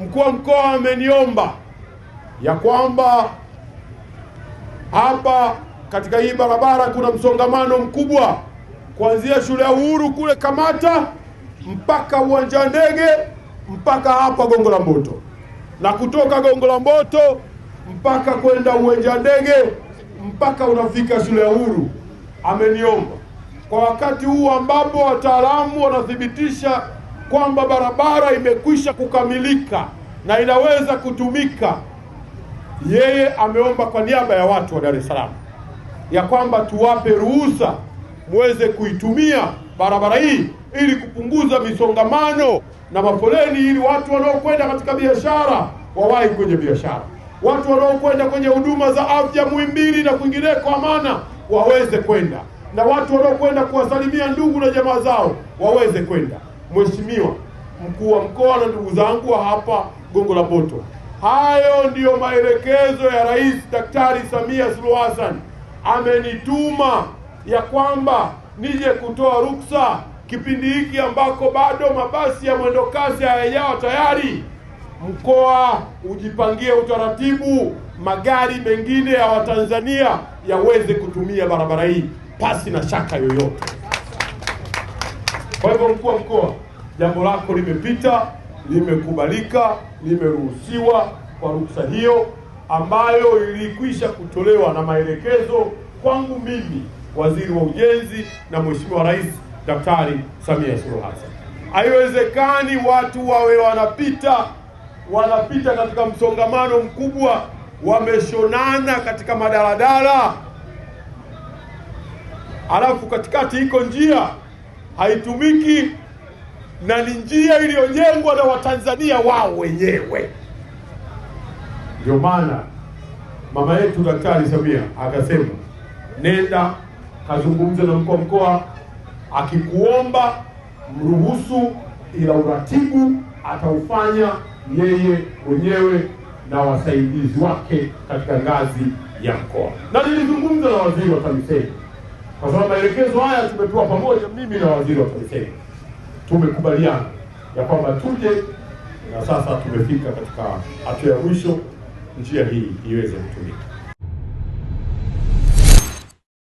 Mkuu wa mkoa ameniomba ya kwamba hapa katika hii barabara kuna msongamano mkubwa kuanzia shule ya Uhuru kule Kamata mpaka uwanja wa ndege mpaka hapa Gongo la Mboto na kutoka Gongo la Mboto mpaka kwenda uwanja wa ndege mpaka unafika shule ya Uhuru. Ameniomba kwa wakati huu ambapo wataalamu wanathibitisha kwamba barabara imekwisha kukamilika na inaweza kutumika, yeye ameomba kwa niaba ya watu wa Dar es Salaam ya kwamba tuwape ruhusa muweze kuitumia barabara hii ili kupunguza misongamano na mafoleni, ili watu wanaokwenda katika biashara wawahi kwenye biashara, watu wanaokwenda kwenye huduma za afya Muhimbili na kwingineko Amana waweze kwenda, na watu wanaokwenda kuwasalimia ndugu na jamaa zao waweze kwenda. Mheshimiwa mkuu wa mkoa na ndugu zangu wa hapa Gongo la boto hayo ndiyo maelekezo ya Rais Daktari Samia Suluhu Hassan amenituma ya kwamba nije kutoa ruksa kipindi hiki ambako bado mabasi ya mwendokasi hayajawa tayari. Mkoa ujipangie utaratibu, magari mengine ya Watanzania yaweze kutumia barabara hii pasi na shaka yoyote. Kwa hivyo, mkuu wa mkoa, jambo lako limepita, limekubalika, limeruhusiwa kwa ruksa hiyo ambayo ilikwisha kutolewa na maelekezo kwangu mimi, waziri wa ujenzi na mheshimiwa rais Daktari Samia Suluhu Hassan. Haiwezekani watu wawe wanapita wanapita katika msongamano mkubwa, wameshonana katika madaladala, alafu katikati iko njia haitumiki na ni njia iliyojengwa na Watanzania wao wenyewe. Ndio maana mama yetu Daktari Samia akasema, nenda kazungumza na mkuu wa mkoa, akikuomba mruhusu, ila uratibu ataufanya yeye mwenyewe na wasaidizi wake katika ngazi ya mkoa. Na nilizungumza na waziri wa TAMISEMI kwa sababu maelekezo haya tumepewa pamoja, mimi na waziri wa TAMISEMI tumekubaliana ya kwamba tuje, na sasa tumefika katika hatua ya mwisho, njia hii iweze kutumika.